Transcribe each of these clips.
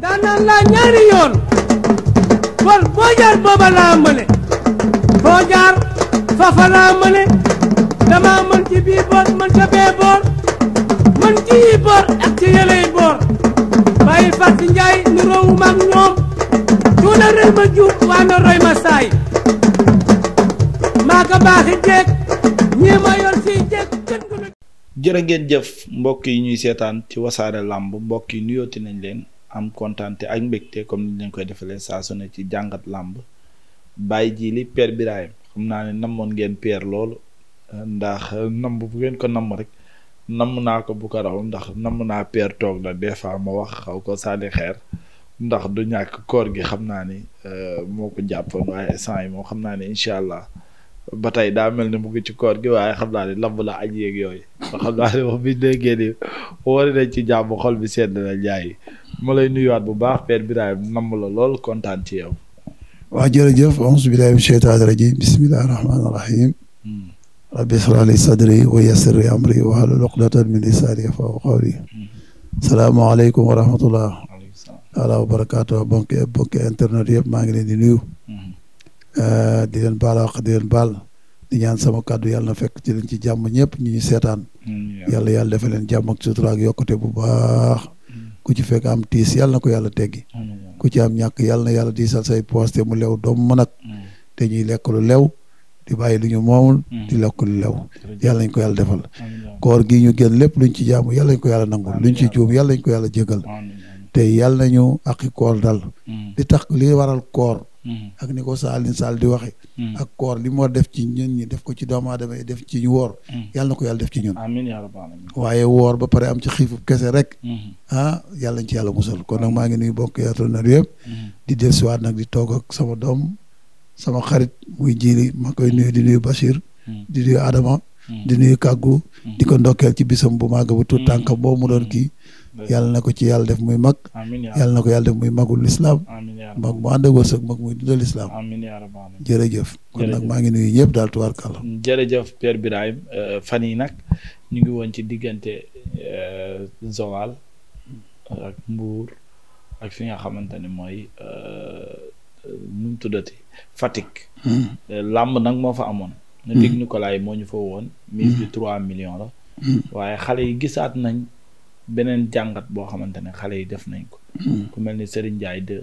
ndaanaan laa ñaari yoon kon boo jaar booba laa mëne foo jaar fafa laa mëne dama mën ci bii boor mën ca bee boor mën ci boor ak ci yëley boor bàyyi fàtt njaay nu ñoom cuuna rëy ma juub waa na roy ma saay maa ko baaxi jeeg ñii ma yor siy jeeg gën jërë ngeen jëf mbokk yi ñuy seetaan ci wasaare làmb mbokk yi nuyooti nañ leen am kontaante ak mbégte comme ni leen koy defalee saa su ne ci jàngat làmb bàyyi ji li Père Birahim xam naa ne namoon ngeen Père loolu ndax namm bu ngeen ko namm rek namm naa ko bu ko raw ndax namm naa Père toog na des fois ma wax xaw ko sànni xeer ndax du ñàkk koor gi xam naa ni euh, moo ko jàppoon waaye sant yi moom xam naa ne incha allah ba tey daa mel ni mu ngi ci koor gi waaye xam naa ne lamb la añ yeeg yooyu xam naa ne moom biñ déggee ni ci jàmm xol bi sedd na jaay ma lay nuyuwaat bu baax Père Birahim namm la lool kontaan ci yow. waaw jërëjëf auzu billaahi mina sheytaani rajiim hmm. wa yassir li amri wahlul uqdatan min lisaani yafqahu qawli. Hmm. salaamaaleykum wa rahmatulah. waaleykum barakaatu mbokki internet yëpp maa ngi leen di nuyu. Hmm. Euh, di leen baal wax di leen baal di ñaan sama kàddu yàlla fekk ci leen ci jàmm ñëpp ñu ñu seetaan. yàlla yal defal leen jàmm ak sutura ak bu baax. ku ci fekk am tiis yàlla ko yàlla teggi. ku ci am ñàkk yàlla na yàlla diisal say poos te mu lew doom mën ak. te ñuy lekk lu lew. di bàyyi lu ñu moomul. di lekk lu lew. yàlla nañ ko yàlla defal. koor gi ñu génn lépp luñ ci jàmm yàlla nañ ko yàlla nangul luñ ci juum yàlla nañ ko yàlla jégal. te yàlla nañu aqi koor Mm. ak ni ko Saalin Saal di waxe mm. ak koor li mu war def ci ñun ñi def ko ci doom aadama yi def ci ñu woor mm. ko yàlla def ci ñun amiin yaa rabbal aalamiin waaye woor ba pare am ci xiifu kese rek mm-hmm. ah yàlla ñu ci yàlla musal kon nag maa ngi nuyu bokk yaatonar yëpp mm-hmm. di del siwaat nag di toog ak sama doom sama xarit muy jili ma koy nuyu di nuyu Bachir mm-hmm. di nuyu Adama di nuy kàggu di ko ndokkeel ci bisam bu màgg bu tuut tànk boobu mu doon kii yàlla na ko ci yàlla def muy mag yàlla na ko yàlla def muy magul lislaam mag mu ànd ak wërsëg mag muy dundal lislaam jërëjëf kon nag maa ngi nuyu ñëpp daal tubaarkàlla jërëjëf Père Birahim euh, fan yi nag ñu ngi woon ci diggante euh, Joal ak Mbuur ak fi nga xamante ne mooy euh, nu tuddati fatik hmm. làmb nag moo fa amoon hmm. na dégg Nicolas moo ñu fa woon hmm. mise bi trois millions la waaye xale yi gisaat nañ beneen jàngat boo xamante ne xale yi def nañ ko. Hmm. ku mel ni Serigne Ndiaye de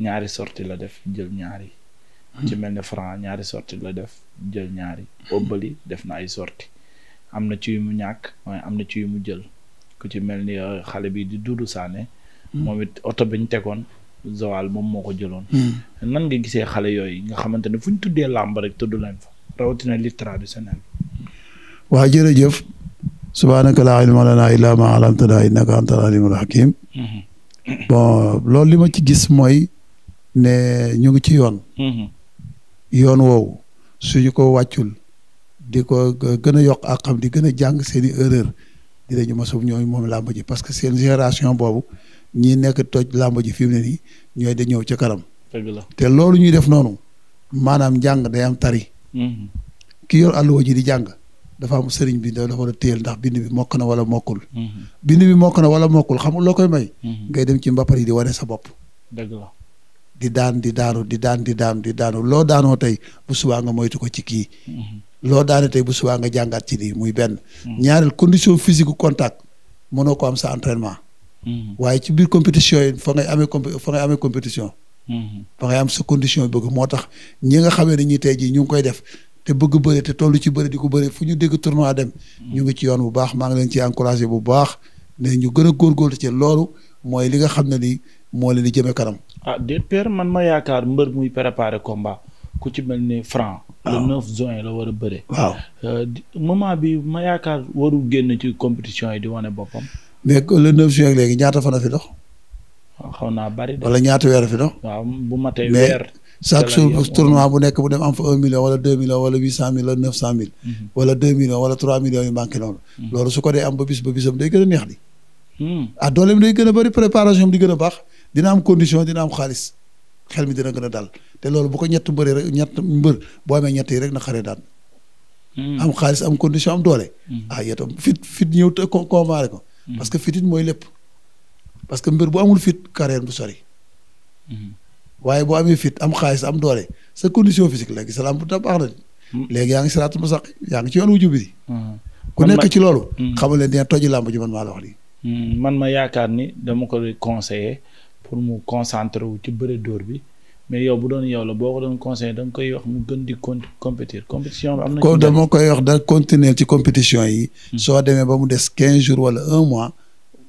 ñaari sorti la def jël ñaari. ci hmm. mel ni Franc ñaari sorti la def jël ñaari. Obali def na ay sorti am na ci yu mu ñàkk waaye am na ci yu mu jël ku ci mel ni euh, xale bi di Doudou Sané. Hmm. moom it oto bi tegoon. zoal moom moo ko jëloon. nan nga gisee xale yooyu nga xamante ne fu ñu tuddee làmb rek tudd lañ fa rawatina lutte traditionnelle. waa jërëjëf. subhaanaka laa ilma lanaa illaa maa allamtanaa innaka antal alimul hakim bon loolu li ma ci gis mooy ne ñu ngi ci yoon yoon woowu suñu ko wàccul di ko gën a yokk ak xam di gën a jàng seen i erreur ñu mosum ñooy moom làmb ji parce que seen génération boobu ñi nekk toj làmb ji fi mu ñooy da ñëw ca kanam te loolu ñuy def noonu maanaam njàng day am tari mm-hmm. ki yor àlluwa ji di jàng dafa am sëriñ bi dafa war a téyel ndax bind bi mokk na wala mokkul. Mhm. bind bi mokk na wala mokkul xam nga loo koy may. Mhm. ngay dem ci mbapare yi di wane sa bopp. dëgg la di daan di daanu di daan di daanu di daanu loo daanoo tey bu subaa nga moytu ko ci kii. Mhm. loo daane tey bu subaa nga jàngaat ci lii muy benn. ñaareel condition physique contact mënoo ko am sa entraînement. waaye ci biir compétition yi fa ngay amee comp fa ngay amee compétition. fa ngay am sa condition bëgg moo tax ñi nga xamee ne ñi tey jii ñu ngi koy def te bëgg bëri te toll ci bëri di ko bëri fu ñu dégg tournoi dem ñu ngi ci yoon bu baax maa ngi leen ci encouragé bu baax ne ñu gën a góorgóorlu ci loolu mooy li nga xam ne lii moo leen di jëme kanam ah de père man ma yaakaar mbër muy préparé combat ku ci mel ni franc le 9 juin la war a bëre waaw euh, moment bi ma yaakaar warul génn ci compétition yi di wane boppam mais le 9 juin léegi ñaata fan a fi dox ah, xaw naa bari de wala ñaata weer fi dox waaw bu matee weer chaque jour tournoi bu nekk bu dem am fa un million wala deux millions wala huit cent mille wala neuf cent mille mhm. wala deux millions wala trois millions yu manqué noonu mhm. loolu su ko dee am ba bis ba bisam day gën a neex di hmm. ah doole mi day gën a bëri préparation bi di gën a baax dina am condition dina am xaalis xel mi dina gën a dal te loolu bu ko ñett mbëri rek ñett mbër boo amee ñett yi rek na xaree daan hmm. am xaalis am condition am doole hmm. ah yetam fit fit ñëw te comparé ko parce que fit mooy lépp parce que mbër bu amul fit carrière bu sori waaye boo amee fit am xaalis am doole sa condition physique léegi sa lamb tam baax na. Hmm. léegi yaa ngi siraatul mustaqiim yaa ngi ci yoon wu jub bi. Hmm. ku nekk ci loolu. Hmm. xamal leen dina toji lamb ji man maa la wax lii. man ma yaakaar ni dama ko conseiller pour mu concentre wu ci bëre dóor bi mais yow bu doon yow la boo ko doon conseiller da koy wax mu gën di con compétir compétition am na. ko dama koy wax da continuer ci compétition yi. soo demee ba mu des quinze jours wala un mois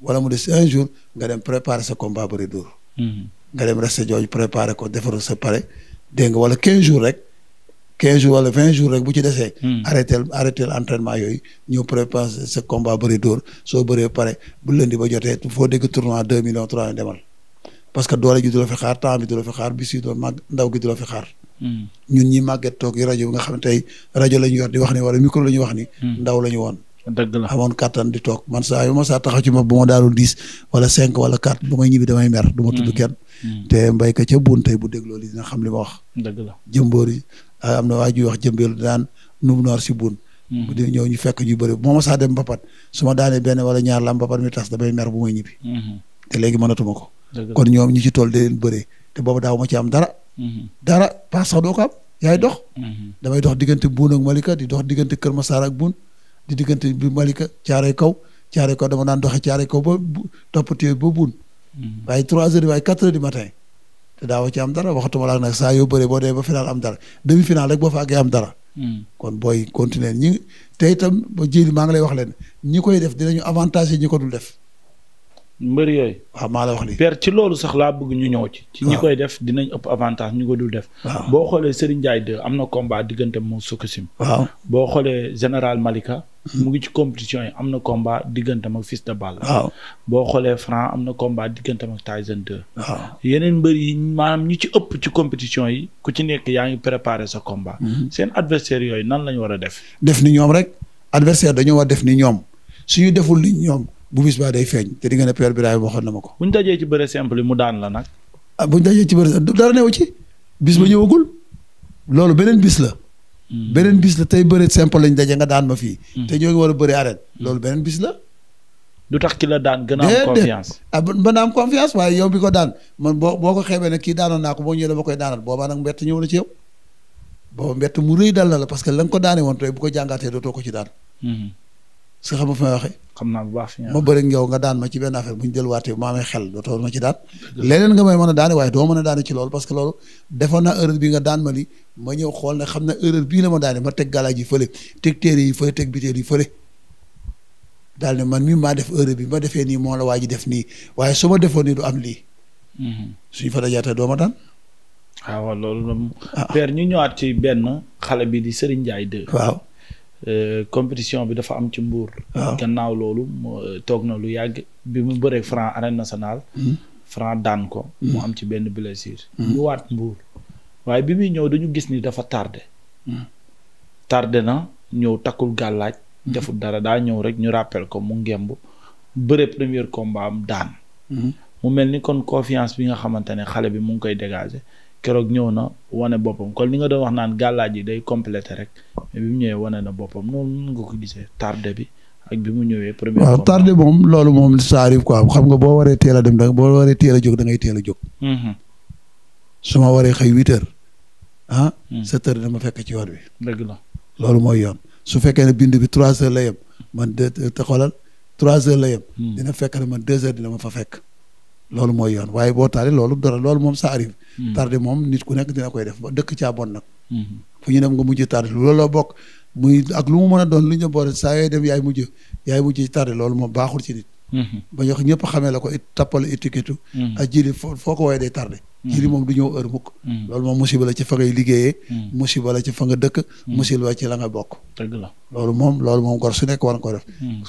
wala mu des un jour nga dem préparer sa combat bëre dóor. nga dem resté jooju préparé ko defaru sa pare dégg wala quinze jours rek quinze jours wala vingt jours rek bu ci desee hmm. arrêté arrêté entraînement yooyu ñëw préparé sa combat bëri dóor soo bëree pare bu lëndi ba jotee foo dégg tournoi deux millions trois millions demal parce que doole ji du la fi xaar temps bi du la fi xaar bis yi doon màgg ndaw gi du la fi xaar hmm. ñun ñi màgget toog yi rajo nga xam tey rajo la yor di wax ni wala micro la wax hmm. dëgg la di toog man saa yu ma saa taxaw ci ma bu ma daalul dix wala cinq wala quatre ba may ñibbi damay mer. du tudd mm. kenn. Mm. te mbaykat ca buun tey bu dëgg la jëmboor yi ah, am na waa juy wax jëmbeelu daan si mm. bu dee ñëw fekk ñu bëri bu ma saa dem mbapat su ma daanee benn wala ñaar la am mbapat mi tas damay mer bu may ñibbi. Mm-hmm. te léegi mënatuma ko. kon ñoom ñu ci tool di leen bëree te boobu daaw ma ci am dara. Mm-hmm. dara paas sax doo ko am yaay dox. Mm-hmm. damay dox diggante buun ak Malika di dox diggante Kër Massar ak buun di diggante bi Malika caaray kaw caaray kaw dama naan doxe caaray kaw ba toppatoo ba buun. Mm-hmm. waaye trois heures waaye quatre heures du matin. te daawoo ci am dara waxtu waxatuma la nag saa yoo bëree boo dee ba final am dara demi final rek boo fa am dara. Mm-hmm. kon booy continuer ñi te itam ba jéeli maa ngi lay wax leen ñi koy def dinañu avantage ñi ko dul def. mbër yooyu. waaw la wax lii per ci loolu sax laa bëgg ñu ñëw ci. ci ñi koy def dinañ ëpp avantage ñu ko dul def. boo xoolee Serigne Ndiaye am na combat diggante mu Sokosim. waaw boo xoolee général Malika. mu hmm. ngi ci compétition yi am na combat diggante ak Fils de Balla. boo xoolee Franc am na combat diggante ak Tyson 2. waaw yeneen mbër yi maanaam ñi ci ëpp ci compétition yi ku ci nekk yaa ngi préparer sa combat. Hmm. seen adversaire yooyu nan la ñu war a def. def ni ñoom rek adversaire dañoo war def ni ñoom ñu deful ni ñoom. bu bis baa day feeñ te di nga ne Père Birahim waxoon na ma ko. bu ñu dajee ci bëre simple mu daan la nag. Ah, bu ñu dajee ci bëre dara newu ci. bis hmm. loolu beneen bis la. Hmm. beneen bis la tey bëre simple lañ daje nga daan ma fii. Hmm. te ñoo ngi war a bëri arène. loolu beneen bis la. du tax ki la daan gën a am confiance ah mën naa waaye yow bi ko daan man boo boo ko xeebee ne kii daanoon naa ko boo ñëwee dama koy daanal mbett ñëw na ci yow. booba mbett mu rëy dal na la parce que la nga ko daane woon tey bu ko jàngaatee dootoo ko ci daan. su xam nga fi xam naa bu baax fi ma bëri yow nga daan ma ci benn affaire bu ñu jël waatee bu ma amee xel dootoo ma ci daan leneen nga may mën a daane waaye doo mën a daane ci loolu parce loolu defoon na erreur bi nga daan ma li ma ñëw xool ne xam na erreur bii la ma daane ma teg galaaj yi fële teg téere yi fële teg bitéel yi fële daal ne man mi maa def erreur bi ma defee nii moo la waa ji def nii waaye su ma defoon nii du am lii mhm. suñu fa dajaatee doo ma daan ah, waaw loolu ah. père ñu ñëwaat ci benn xale bi di Serigne Ndiaye waaw Euh, compétition bi dafa am ci mbuur ah. gannaaw loolu euh, toog na lu yàgg bi mu bëree franc arène nationale hmm. franc daan ko hmm. mu am ci benn blessure ñu hmm. waat mbuur waaye bi muy ñëw dañu gis ni dafa tardé tardé na ñëw takkul gàllaaj deful dara daa ñëw rek ñu rappel ko mu ngemb bëre premier combat am daan mu mel ni kon confiance bi nga xamante ne xale bi mu ngi koy dégager keroog ñëw na wane boppam kon li nga doon wax naan gàllaaj yi day complété rek mais bi mu ñëwee wane na boppam noonu nga ko gisee tardé bi ak bi mu ñëwee. premier waaw tardé moom loolu moom ça arrive quoi xam nga boo waree teel a dem da boo waree teel a jóg da ngay a jóg. Mm-hmm. su ma waree xëy huit heures ah. Mm. sept heures dama fekk ci yoon bi. loolu mooy yoon su fekkee ne bind bi trois la yem man de te xoolal trois la yem. Mm. dina fekk ne man deux heures dina ma loolu mooy yoon waaye boo taalee loolu dara loolu moom ça arrive hmm. tardé moom nit ku nekk dina koy def ba dëkk caa bon nag hmm. fu ñu dem nga mujj tardé loolu lu mu mën a doon lu ñu boole saa yooy dem yaay mujj yaay mujj ci tardé loolu moom baaxul ci nit hmm. ba ñëpp xamee la ko it tappal étiquette ak ko waaye day tardé jili moom du ñëw heure loolu moom musiba la ci fa ngay liggéeyee musiba la ci fa nga dëkk musiba la ci la nga bokk dëgg la loolu moom loolu moom gor su nekk war nga ko def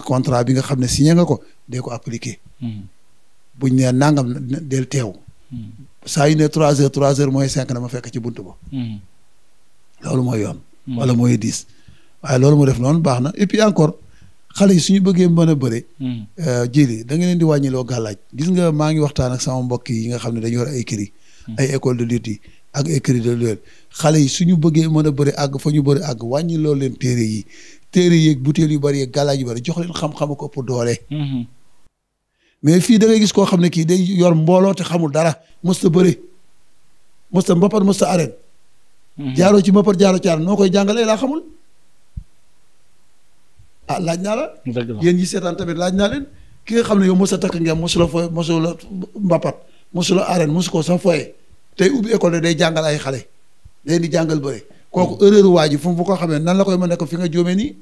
contrat bi nga xam ne signé nga ko dee ko appliqué buñ nee nangam del teew. Hmm. saa yi ne trois heures trois heures mooy cinq na ma fekk ci bunt ba. Hmm. loolu mooy yoon. Hmm. wala mooy dix. waaye loolu mu def noonu baax na et encore xale yi suñu bëggee mën a bëre. Euh, jili da nga leen di wàññiloo gàllaaj gis nga maa ngi waxtaan ak sama mbokk yi nga xam ne dañu war ay kër ay école de lutte yi ak écrit xale yi suñu bëggee mën a bëri àgg fa ñu bëri ak wàññiloo leen téere yi téere yeeg butéel yu bëri yeeg gàllaaj yu bëri jox leen xam-xam ko ëpp doole mais fii da gis koo xam ne kii day yor mbooloo te xamul dara mësta bëre mësta mbappat mësta arène mhm. jaaroo ci mbappat jaaroo ci arène noo koy jàngalee laa xamul ah laaj naa la yéen ñi seetaan tamit laaj naa leen ki nga xam ne yow mësta takk ngeen mosula foye mosula mbappat mosula arène mosu ko sax foye tey ubbi école day jàngal ay xale day di jàngal bëre kooku mhm. erreur waa ji fu mu ko xamee nan la koy mën a nekk fi nga jóomee nii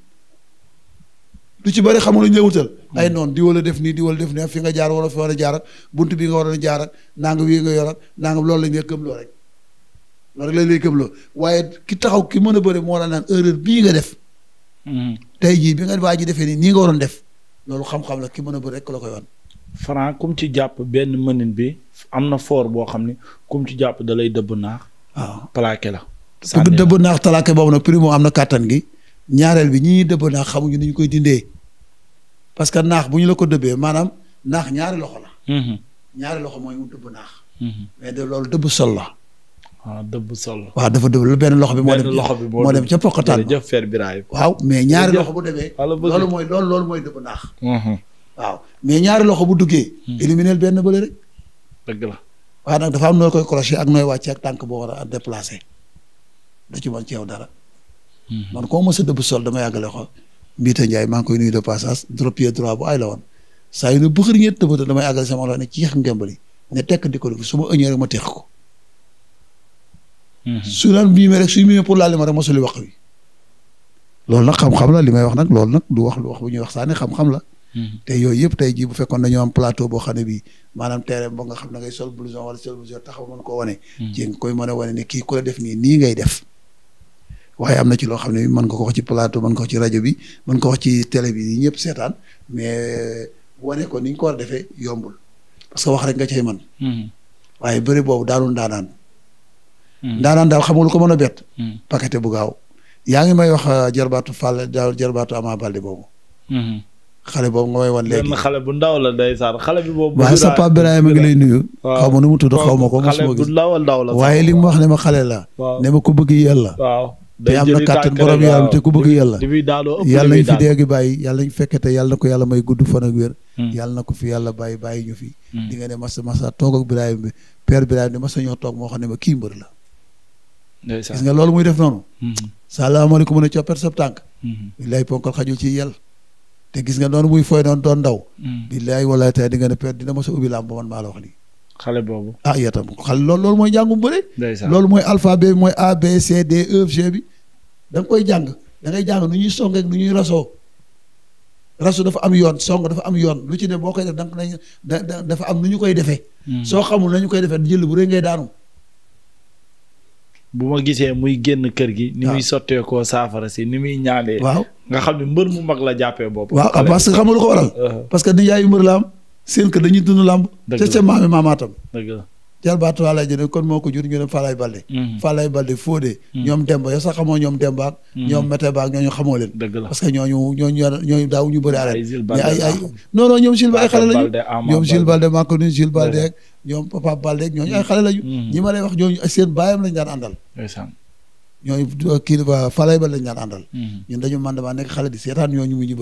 lu ci bëri xamul ñu lay wutal ay noon di wala def nii di wala def nii fi nga jaar wala fi war a jaar bunt bi nga war a jaar ak nanga wii nga yor ak nanga loolu lañ lay këbloo rek loolu rek lañ lay waaye ki taxaw ki mën a bëri moo la naan erreur bii nga def mm-hmm. tey jii bi nga waa ji defee nii nii nga waroon def loolu xam la ki mën a bëri rek la koy wan Franc kum ci jàpp benn mënin bi am na foor boo xam ne comme ci jàpp da lay dëbb naax waaw ah. plaqué la dëbb naax talaake boobu nag primo am na kàttan gi ñaareel bi ñi dëbb naax xamuñu ni ñu koy dindee parce que naax bu ñu la ko dëbbee maanaam naax ñaari loxo la. Mhm. ñaari loxo mooy mu dëbb naax. Mhm. mais de loolu dëbb sol la. ah dëbb waaw dafa dëbb lu benn loxo bi. moo dem loxo bi moo dem ca poqataan jërëjëf Fer Birahim mais ñaari loxo bu demee. loolu mooy loolu loolu mooy dëbb naax. Mhm. waaw mais ñaari loxo bu duggee. éliminer benn bële rek. dëgg la. waaye nag dafa am nooy koy crochet ak nooy wàcce ak tànk boo war a déplacé. du ci mën ci yow dara. man koo mos a dëbb sol dama yàggale ko Mbita Ndiaye maa ngi koy nuyu de passage trop pied droit bu ay la woon saa yu ne bëxër ñett tëbata damay àggal sama loxo ne ci yéex ngembali ne tekk di ko def su ma ëññee rek ma teex ko. Mhm. ma ma suli wax wi. loolu nag xam-xam la li may wax nag loolu nag du wax lu wax bu ñuy wax saa ne xam-xam la. Mhm. te yooyu yëpp tey jii bu fekkoon dañoo am plateau boo xam ne bii maanaam terrain ba nga xam na ngay sol blouson wala sol blouson taxaw mën koo wane. ci mhm. nga koy mën a wane ne kii ku def nii nii ngay def. waaye am na ci loo xam ne mën nga ko wax ci plateau mën nga ko ci rajo bi mën nga ko wax ci télé bi yi ñëpp seetaan mais euh, wane ko niñ ko war a defee yombul parce que wax rek nga cay man hmm. waaye bëri boobu daalu ndaanaan hmm. ndaanaan daal xam nga ko mën a bett hmm. paqueté bu gaaw yaa ngi may wax euh, jarbaatu Fall daal jarbaatu Ama Baldé boobu xale boobu nga may wan léegi xale bu ndaw la ndeysaan xale bi boobu waaye sa Pape lay nuyu xaw ma nu mu tudd ma ko mosuma gis bu ndaw la waaye li mu wax ne ma xale la ne ma ko bëgg yàlla te am na kàttan borom yàlla te ku bëgg yàlla yàlla nañ fi deegi bàyyi yàlla nañ fekkete yàlla na ko yàlla may gudd fan ak wér hmm. yàlla na ko fi yàlla bàyyi bàyyi ñu fi hmm. di nga ne masa masa toog ak bi père Birahim ni masa ñoo toog moo xam ne ma kii mbër la gis nga loolu muy def noonu hmm. salaamaaleykum mën a coppet sab tànk billaay ponkal xajul ci yàlla te gis nga noonu muy fooy noonu doon ndaw billaay walaay tey di nga ne père dina masa ubbi làmb man maa la xale boobu. ah yetam xale loolu loolu mooy njàngum bëre. loolu mooy alphabet mooy A B E F bi. da nga koy jàng dangay ngay jàng nu ñuy song ak nu ñuy rasoo. rasu dafa am yoon song dafa am yoon lu ci ne boo koy def da nga dafa am nu ñu koy defee. Hmm. soo xamul nañu koy defee jël bu rek ngay daanu. bu ma gisee muy génn kër gi. ni muy sotteekoo saafara si ni muy ñaanee. waaw nga xam ne mbër mu mag la jàppee bopp. waaw ah, parce xamul ko waral. Uh-huh. parce que nijaay mbër la am. seen kër dañuy dund làmb ca ca maami maamaatam jarbaatu Walaay Jëne kon moo ko jur ñu ne Falaay Balde Balde mhm. Fodé mhm. ñoom Demba yow ñoom Dembaak mhm. ñoom ñoom Jules Balde maa ko nuyu Balde ñoom Papa Balde ak ay xale lañu ñi ma lay wax ñooñu seen baayam lañu daan àndal ñooñu kii Falaay Balde lañu daan àndal ñun dañu man damaa nekk xale di seetaan ñooñu mu ñu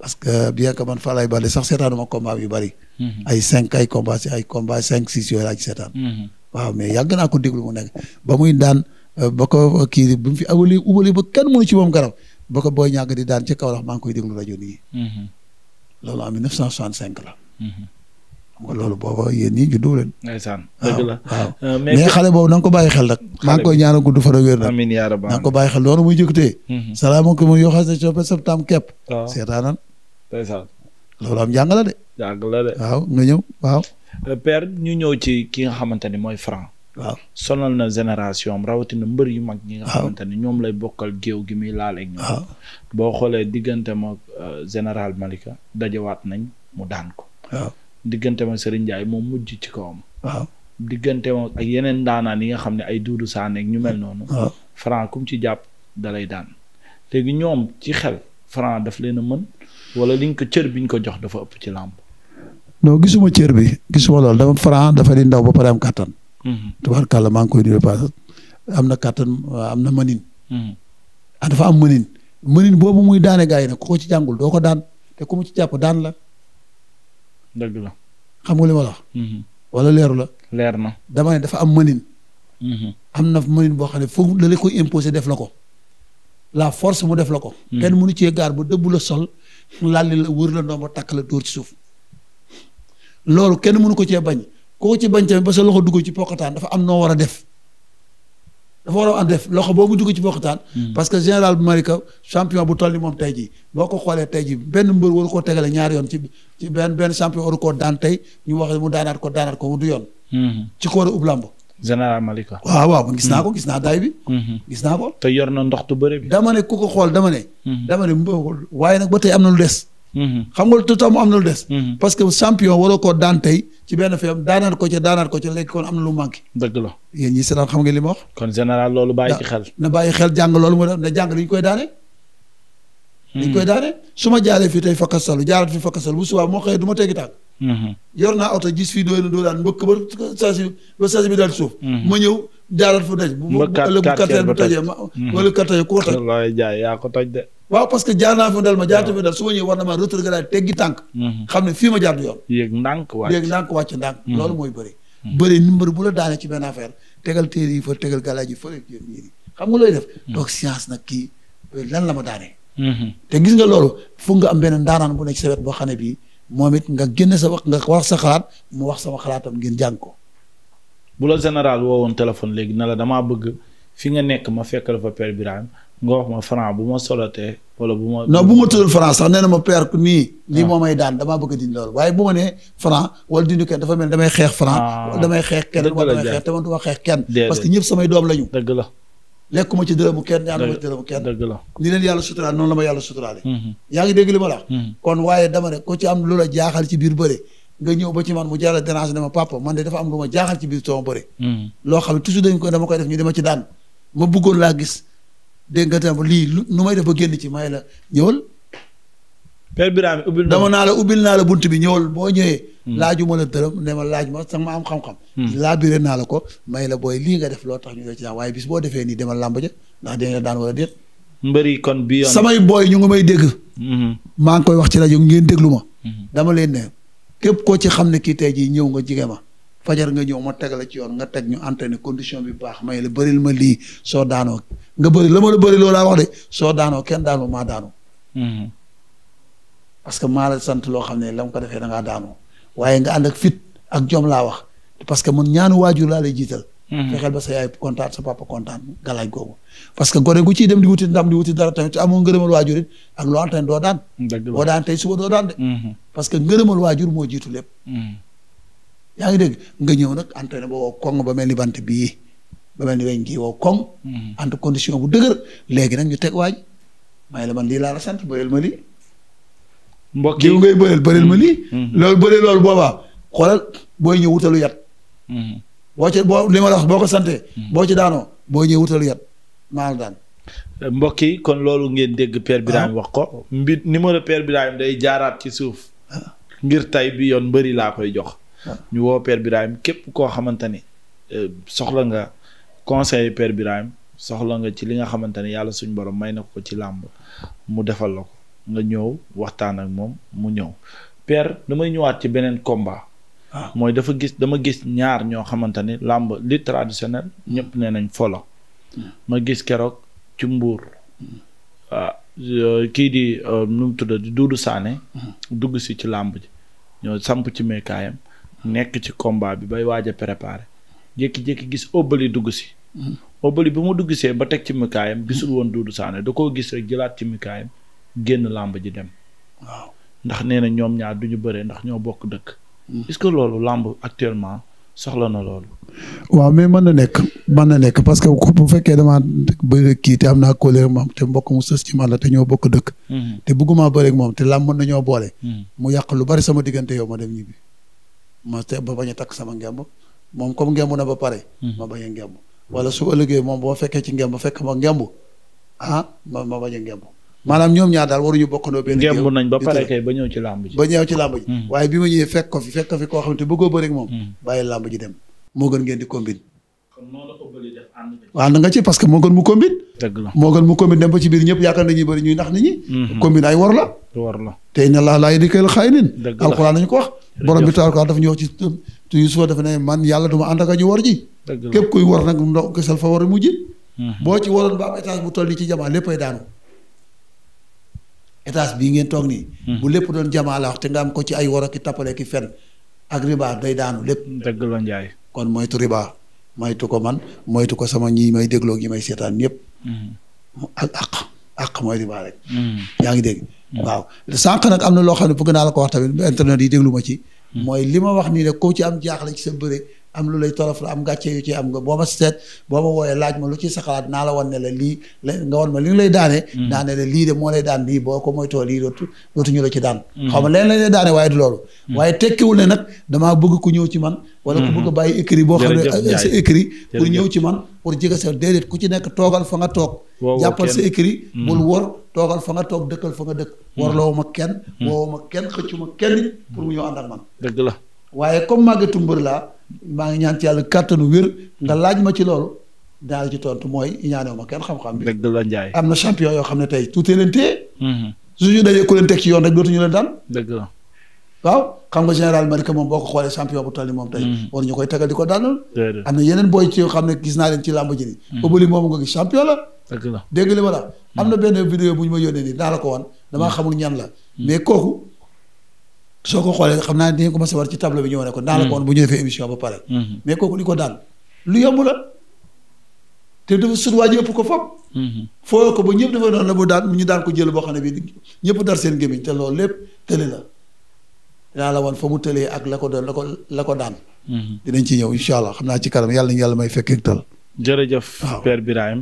parce que bien que man Falaye Baldé sax seetaanuma combat yu bëri. Mhm. ay cinq ay combat si ay combat cinq six yooyu laa ci seetaan. Mhm. waaw mais yàgg naa ko déglu mu nekk ba muy daan euh, ba ko euh, kii fi awali ubali ba kenn mënu ci moom garab ba booy ñàkk di daan ca mhm. la. xam nga loolu booba yéen ñii juddu leen. ndeysaan dëgg la waaw euh, mais xale boobu na nga ko bàyyi xel nag. maa ngi koy ñaanal gudd fan ak wér nag. seetaanan. ndeysaan loolu am jàng de. jàng de waaw nga ñëw waaw. Euh, père ñu ñëw ci ki nga xamante ni mooy Franc. waaw sonal na génération am rawatina mbër yu mag ñi nga xamante ni ñoom lay bokkal géew gi muy laal ak boo xoolee diggante ma euh, général Malika dajawaat nañ mu daan ko. diggante ma Serigne Ndiaye moom mujj ci kawam. waaw diggante ma ak yeneen daanaan yi nga xam ne ay duudu saaneeg ñu mel noonu. waaw Franc ci jàpp dalay daan léegi ñoom ci xel Franc daf leen mën. wala liñ ko cër biñ ko jox dafa ëpp ci làmb non gisuma cër bi gisuma loolu dafa Franc dafa di ndaw ba pare am kàttan mhm. tubaarkàlla maa na kàttan am na mënin mhm. ah dafa am mënin mënin boobu muy daane gars yi nag ko ci jàngul doo ko daan te ku mu ci la dëgg la xam la wax mhm. leeru la leer na dama ne dafa am mënin am na mënin boo xam ne foog la la koy imposer def la ko la force mu def la ko kenn mënu cee gaar ba dëbb la sol mu laal la wër la ndomba takk la dóor ci suuf loolu kenn mënu ko cee bañ koo ci bañ tamit ba sa loxo dugg ci poqataan dafa am noo war a def dafa war a am def loxo boobu dugg ci poqataan. Hmm. parce que général bu Malika champion bu toll ni moom tey jii boo ko xoolee tey jii benn mbër waru koo tegale ñaar yoon ci ci benn benn champion waru koo daan tey ñu wax mu daanaat ko daanaat ko du yoon. Hmm. ci ko a ub général Malika. waaw waaw gis naa mm-hmm. ko gis naa daay bi. Mm-hmm. gis naa ko. te yor na ndox tu bëre bi. dama ne ku ko xool dama ne. Mm-hmm. dama ne mbokkul waaye nag am lu des. xam nga tout temps mu am na lu des. parce que champion waroo koo daan ci benn feem daanaat ko ca daanaat ko ca léegi kon am dëgg la yéen ñii xam nga li ma wax. kon général loolu bàyyi ci xel. na bàyyi xel jàng loolu moo na jàng li ñu koy daane. li ñu koy daane su ma jaaree fii tey fakkastalu jaarat fi fakkastalu bu subaa moo xëyee du ma teggi tànk Mhm. yor naa oto gis fii doy na doo daan mbëkk ba station ba station bi daal suuf. Mhm. ma ñëw jaaral fa daj. bu quartier bu tajee ma mhm. wala jaar naa fi dal ma jaar fi dal su ma ñëw war na maa retrogradé teggi tànk. xam ne fii ma jaar du yoon. yéeg ndànk wàcc yéeg ndànk wàcc ndànk. loolu mooy bëri. bëri numéro bu la daane ci benn affaire tegal téere yi fa tegal galaaj yi fële xam nga looy def. donc science nag kii lan la ma daane. te gis nga loolu foog nga moom it nga génn sa wax nga wax sa xalaat mu wax sama xalaatam ngeen jàng ko. bu la général woowoon téléphone léegi na la damaa bëgg fi nga nekk ma fekk la fa Père Birahim nga wax ma franc bu ma solatee wala bu ma. non bu ma tuddul franc sax nee na ma père nii. lii ah. moo daan damaa bëgg dindi loolu waaye bu ma nee franc wala dindi kenn dafa mel damay xeex franc. Ah. wala damay xeex kenn wala damay xeex te man du ma xeex kenn. parce que ñëpp samay doom lañu. dëgg la. lekkuma ci dërëmu kenn kenn ni leen yàlla suturaal noonu la ma yàlla suturaale mhm. yaa ngi dégg li ma la mhm. kon waaye dama ne ko ci am lu jaaxal ci biir bëre nga ñëw ba ci man mu jaral dérange ne ma papa man de dafa am lu ma jaaxal ci biir sama bëre mhm. loo xam ne dañ ko dama koy def ñu dama ci daan ma bëggoon laa gis dégg nga tam lii nu may def ba génn ci may la ñëwal Père Birame ubbil dama naa la la bunt bi ñëwal boo hmm. la dërëm ne ma laaj ma sax ma hmm. naa la ko la booy lii nga def loo tax ñu doon ci daan waaye bis boo defee nii la daan wala déet. mbëri kon bi yoon samay booy ñu ngi may dégg. Hmm. maa ngi koy wax ci rajo ngeen déglu ma. dama leen ne képp koo ci xam ne kii tey jii ñëw nga jige ma. fajar nga ñëw ma teg la ci yoon nga teg ñu entraîné condition bi baax may la bëril ma lii soo daanoo nga bëri la ma la bëri loolaa wax de soo daanoo kenn daanoo maa daanoo parce que maa la sant loo xam ne la mu ko defee da ngaa daanu waaye nga ànd ak fit ak jom laa wax parce que man ñaanu waajur laa lay jiital. Mhm. fexeel ba sa yaay kontaan sa papa kontaan nga laaj googu. parce que gone gu ciy dem di wuti ndam di wuti dara tamit amoo ngërëmal waajur it ak loo xam ne doo daan. doo daan tey suba mhm. waajur moo jiitu lépp. Mhm. yaa ngi dégg nga ñëw nag entraîné boo woo ba mel ni bant bii ba mel ni weñ gii woo koŋ. entre condition bu dëgër léegi nag ñu teg waaj. may la man lii laa la sant boyal mbokk yi ngay bëreel bëreel ma mm-hmm. lii. Mm-hmm. loolu bëreel loolu boobaa xoolal booy ñëw yat. Mm-hmm. boo ci boo li ma boo ko santee. boo ci daanoo booy ñëw wutalu yat mbokk yi kon loolu ngeen dégg Père Birahim ah. wax ko. mbi numéro Père Birahim day jaaraat ci suuf. Ah. ngir tay bi yoon mbëri laa koy jox. Ah. ñu woo Père Birahim képp koo xamante ni euh, soxla nga conseil per Birahim soxla nga ci li nga xamante ni yàlla suñu borom may na ko ci làmb mu defal la ko. nga ñëw waxtaan ak moom mu ñëw père damay ñëwaat ci beneen combat. Ah. mooy dafa gis dama gis ñaar ñoo xamante ni làmb li traditionnel ñëpp nee nañ folo ma gis keroog ci mbuur ah, euh, kii di euh, nu mu tudd di Doudou sànne dugg si ci làmb ji ñoo samp ci meekaayam nekk ci komba bi bay waaj a préparé jékki-jékki gis Obali dugg si mm-hmm. Obali bi mu dugg see ba teg ci meekaayam gisul woon Doudou Sané da koo gis rek jëlaat ci meekaayam génn làmb ji dem. waaw ndax nee na ñoom ñaar du ñu bëree ndax ñoo bokk dëkk. Hmm. est-ce que loolu làmb actuellement soxla na loolu. waaw mais mën na nekk mën na nekk parce que bu fekkee damaa bëri kii te am naa colère moom te mbokk mu sës ci man la te ñoo bokk dëkk. Hmm. te bëgguma bëri ak moom te làmb mën nañoo boole. Hmm. mu yàq lu bari sama diggante yow ma dem ñibbi. ma te ba bañ a takk sama ngemb moom comme ngemb na ba pare. ma bañ ngemb. wala su ëllëgee moom boo fekkee ci ngemb fekk ma ngemb ah ma ma a ngemb. maanaam ñoom ñaar daal waruñu bokkandoo benn géew nañ ba pare kay ba ñëw ci làmb ji mm. waaye bi ma ñëwee fekk ko fi fekk ko fi koo xamante bëggoo bëri moom mm. bàyyi làmb ji dem moo gën ngeen di combine waaw na nga ci parce que moo gën mu combine la moo gën mu combine dem ba ci biir ñëpp yaakaar nañuy bëri ñuy nax nit ñi combine mm-hmm. ay war la nañu ko wax borom bi taal ko dafa ñu wax ci tu Yusufa dafa man yàlla duma ànd ak ñu war ji képp kuy war nag ndox gisal fa war mujj mm-hmm. boo ci waroon am étage bu toll nii étage bii ngeen toog nii. Hmm. bu lépp doon jamaa la wax te nga am ko ci ay woro ki tappale ki fen ak riba day daanu lépp. dëgg la Ndiaye. kon moytu riba moytu ko man moytu ko sama ñi may dégloo ñi may seetaan ñëpp. Hmm. ak àq àq mooy riba rek. Hmm. yaa ngi dégg. waaw sànq nag am na loo xam ne bëgg naa la ko wax tamit internet yi déglu ma ci. mooy li ma wax nii ne koo ci am jaaxle ci sa bëre. am lu lay torof la am gàcce yu ci am nga boo ma seet boo ma wooyee laaj ma lu ci sa xalaat naa la wan ne la lii la nga wan ma li nga lay daanee mm. naa ne lii de moo lay daan lii boo ko moytoo lii dootu dootuñu la ci daan mm. xaw ma leen lañ lay daane waaye du loolu mm. waaye tekkiwul ne nag damaa bëgg ku ñëw ci man wala ku mm-hmm. bëgg a bàyyi écrit boo xam ne sa écrit pour ñëw ci man pour jege sa déedéet ku ci nekk toogal fa nga toog jàppal sa écrit bul wor toogal fa nga toog dëkkal fa nga dëkk warloo ma kenn woowu ma kenn xëccu ma kenn pour mu ñëw ànd ak man dëgg la waaye comme màggetu mbër laa maa ngi ñaan ci yàlla kàttanu wér nga laaj ma ci loolu daal ci tontu mooy ñaanew ma kenn xam-xam bi dëgg la am na champion yoo xam ne tey tuutee leen téye mm-hmm. su ñu dajee ku leen teg ci yoon rek dootuñu leen daan la waaw xam nga général Malika moom boo ko xoolee champion bu toll ni moom tey mm-hmm. war ñu koy tegal di ko daanal am na yeneen boy ci yoo xam ne gis naa leen ci làmb ji ni mm-hmm. obali moom nga gis champion la la dégg li ma la am na benn vidéo bu ñu ma yónnee nii naa la ko wan damaa xamul ñan la mais kooku soo ko xoolee xam naa dinañ ko mos a war ci tableau bi ñu wane ko. daanaka hmm. woon bu ñu hmm. defee ko daan lu yomb la. te dafa sunu waa ko fop hmm. foo ko ba ñëpp dafa doon la bu daan ñu daan ko jël boo xam ne bii ñëpp dar seen gémmiñ te loolu lépp tële la. dinaa la woon fa mu tëlee ak la ko doon la daan. dinañ ci ñëw incha allah xam naa ci kanam yàlla nañu yàlla may fekk tal jërëjëf ah Père Birahim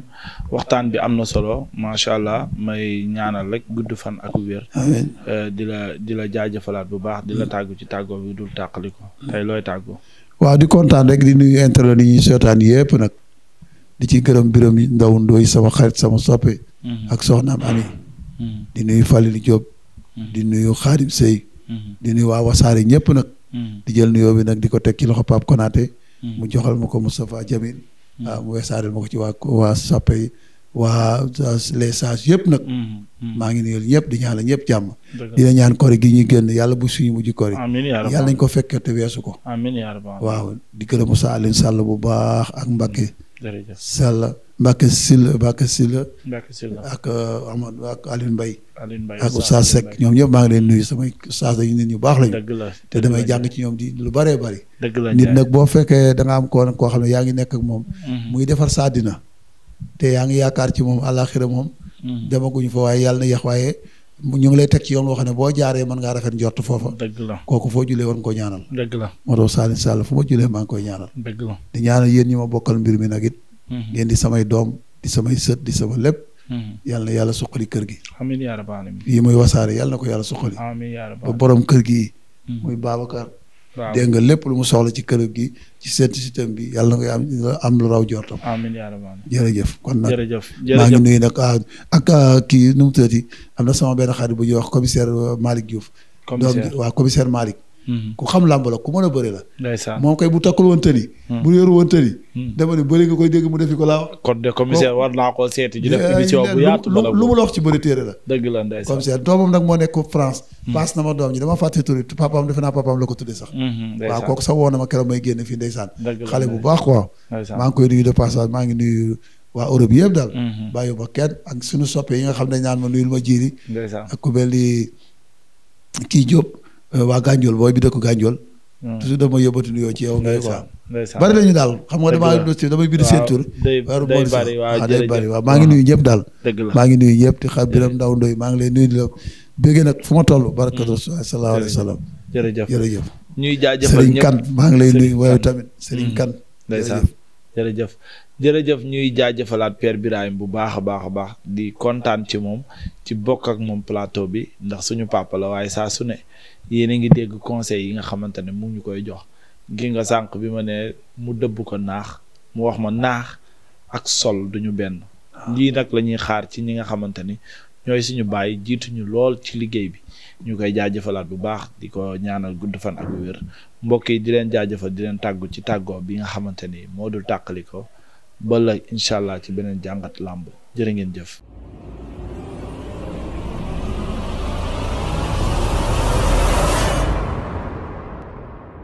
waxtaan bi am na solo macha allah may ñaanal rek gudd fan ak wér. Euh, di la di la jaajëfalaat bu baax di la tàggu ci tàggoo bi dul tàqali ko tey looy tàggoo. waaw di kontaan rek di nuy internet yi ñuy seetaan yëpp nag di ci gërëm biram ndaw ndooy sama xarit sama soppe. Mhm. ak soxnaam ami mhm. di nuyu Falil Diop. Mhm. di nuyu Xaadim Sey. di waaw waa wasaare ñëpp nag. di jël nuyoo bi nag di ko teg ci loxo Pape Konaté. mu joxal ma ko Moustapha Jamil waaw ah, mu hmm. weesaareel moo ko ci waa waa sàppe yi waa les sages yëpp nag hmm, hmm. maa ngi nuyal ñëpp di ñaanal ñëpp jàmm di ñaan kori gi ñu génn yàlla bu suñu mujj kori yàlla nañ ko fekkee te weesu ko waaw di gërëm Moussa Alioune Sall bu baax ak Mbacké Sall Mbacke Sylla Mbacke Sylla. Mbacke Sylla ak euh, Amadou ak Alioune Mbaye. Alioune ak Oustaz Seck ñoom ñëpp maa ngi leen nuy samay Oustaz yi nit ñu baax lañu. dëgg la te damay jàng ci ñoom di lu bëree bari dëgg nit nag boo fekkee da nga am koo koo xam ne yaa ngi nekk ak moom. Mhm. muy defar sa te yaa ngi yaakaar ci moom àllaaxira moom. Mhm. demaguñu fa waaye yàlla na yéex waaye. ñu ngi lay teg ci yoon boo xam ne boo jaaree mën ngaa rafet jot foofa. dëgg la kooku foo julee war nga ko ñaanal. la moo tax Saliou Sall fu ma julee maa ngi koy ñaanal. dëgg la di ñaanal yéen ñi ma bokkal mbir mi nag it ngeen mm-hmm. di samay doom di samay sët di sama lépp mm-hmm. yàlla na yàlla suqali kër gi amiin yaa rabbal aalamiin yii muy wasaare yàlla na ko yàlla suqali ba borom kër gi mm-hmm. muy Babacar waaw dégg lépp lu mu soxla ci kër gi ci seen système bi yàlla nga am am lu raw jortam. amiin a rabbal jërëjëf kon nag jërëjëf maa ngi nuyu nag ah, ak ah, kii nu mu am na sama benn xarit bu ñuy wax commissaire euh, Malick Diouf. commissaire commissaire Malick. Mm-hmm. ku xam làmb la ku mën a bëri la. ndeysaan moom kay bu takkul woon tëni. Mm-hmm. bu yoru woon tëni. Mm-hmm. dama eh, dama fàtte turi papaam defe naa papaam la ko tuddee sax. waaw kooku sax woo ma keroog may génn fii ndeysaan. xale bu baax quoi. maa ngi koy nuyu de passage maa ngi nuyu. waa Europe yëpp daal. bàyyi ba kenn ak suñu soppe yi nga xam ne ñaan ma nuyul ma jiiri. ak ku mel kii Diop Euh, waa Gandiol booy bi dëkk Gandiol. Hmm. toujours dama yóbbatu nuyoo ci yow. ndeysaan ndeysaan bari nañu daal xam nga damaa université damay bind seen tur. day bari waaw ah, day maa ngi nuyu ñëpp daal. dëgg maa ngi nuyu ñëpp di xam Birame Ndaw Ndoye maa ngi lay nuyu di nag fu ma toll. barakatu hmm. rasul sallallahu alayhi wa sallam. jërëjëf jërëjëf. ñuy jaajëfal ñëpp Serigne maa ngi lay nuyu waaye tamit Serigne hmm. Kane. ndeysaan jërëjëf jërëjëf ñuy jaajëfalaat per Birahim bu baax a baax a baax di kontaan ci moom ci bokk ak moom plateau bi ndax suñu papa waaye saa su ne yéen a ngi dégg conseils yi nga xamante ne mu ñu koy jox gi nga sànq bi ma ne mu dëbb ko naax mu wax ma naax ak sol duñu benn ah. lii nag la ñuy xaar ci ñi nga xamante ni ñooy suñu bàyyi jiituñu lool ci liggéey bi ñu koy jaajëfalaat bu baax di ko ñaanal gudd fan ak wér mbokk yi di leen jaajëfal di leen tàggu ci tàggoo bi nga xamante ni moo dul tàqali ko ba la incha allah ci beneen jàngat làmb jërë ngeen jëf.